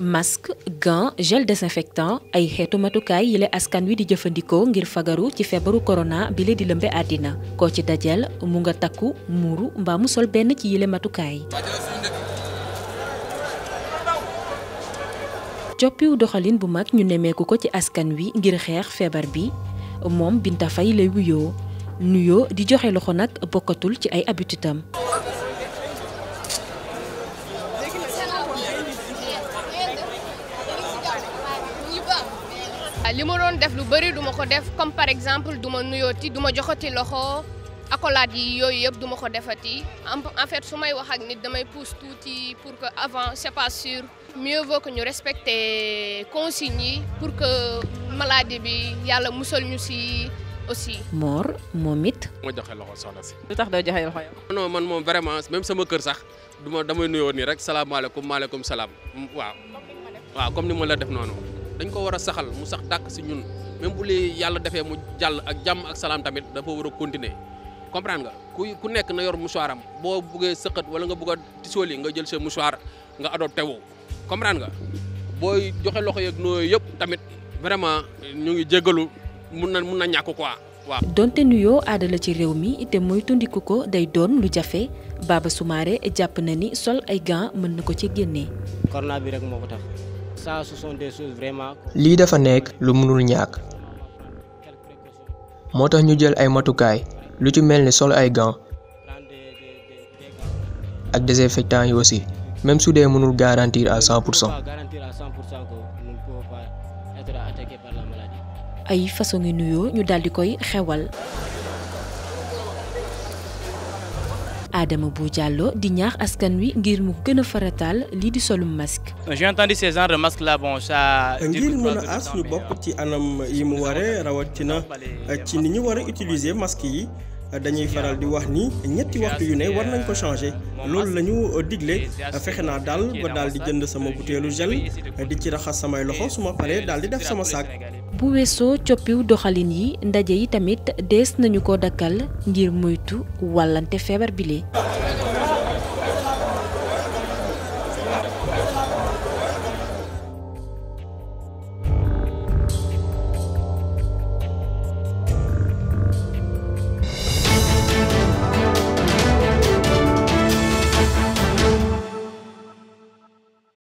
masque gant gel désinfectant ay xeetu matukaay yi askan wi di jëfandikoo ngir fagaru ci feebaru korona bile di lëmbe àddina koo ci dajal mu nga takku muuru mbaa mu sol benn ci yile matukaay coppiw doxalin bu mag ñu nemmeeku ko ci askan wi ngir xeex feebar bi moom Binta Faye lay wuyoo nuyoo di joxe loxo nag bokkatul ci ay habitutam Ah, li ma doon def lu bëri du ko def comme par exemple du ma nuyooti du ma joxati loxo accolade yi yooyu yëpp du ko defati en fait su may wax ak nit damay pousse tuuti pour que avant c'est pas sûr mieux vaut que ñu respecter consignes yi pour que maladie bi yàlla musal ñu si aussi. Mor moom it. ma joxe loxo soxna si. lu tax doo joxe loxo yow. non man moom vraiment même sama kër sax duma damay nuyoo nii rek salaamaaleykum maaleykum salaam waaw. waaw comme ni ma la def noonu. dañ ko war a saxal mu sax dàkk si ñun même bu li yàlla defee mu jàll ak jàmm ak salaam tamit dafa war a continuer comprendre nga ku nekk na yor mouchoir boo buggee sëqat wala nga bugg a tisóoli nga jël see mouchoir nga adopté woo comprendre nga booy joxe loxo yeeg nooyu yëpp tamit vraiment ñu ngi jéggalu mun na mun na ñàkk ko waaw. donte nuyoo aada ci réew mi te mooy tundiku ko day doon lu jafe Baba Soumaré jàpp na ni sol ay gants mën na ko ci génnee. corona bi rek moo ko tax. ça ce sont des choses vraiment. lii dafa nekk lu mënul ñàkk. moo tax ñu jël ay matukaay lu ci mel ni sol ay gants ak désinfectant yi aussi même su dee mënul garantir à cent pour cent. ay façon ngi nuyoo ñu daal koy xewal. Adama Bou Diallo di ñaax askan wi ngir mu gën a farataal lii di solum masque. j'ai entendu ces genres de masque là bon ça. ngir mën a aar suñu bopp ci anam yi mu waree rawatina ci ni ñu utiliser masque yi dañuy faral di wax ni ñetti waxtu yu ne war nañ ko changer loolu la ñu euh, digle fexe naa daal ba daal di jënd sama butéelu gel di ci raxas samay loxo suma ma paree daal di def sama saak. bu weesoo coppiw doxalin yi ndaje yi tamit dees nañu ko dakkal ngir moytu wàllante feebar bile.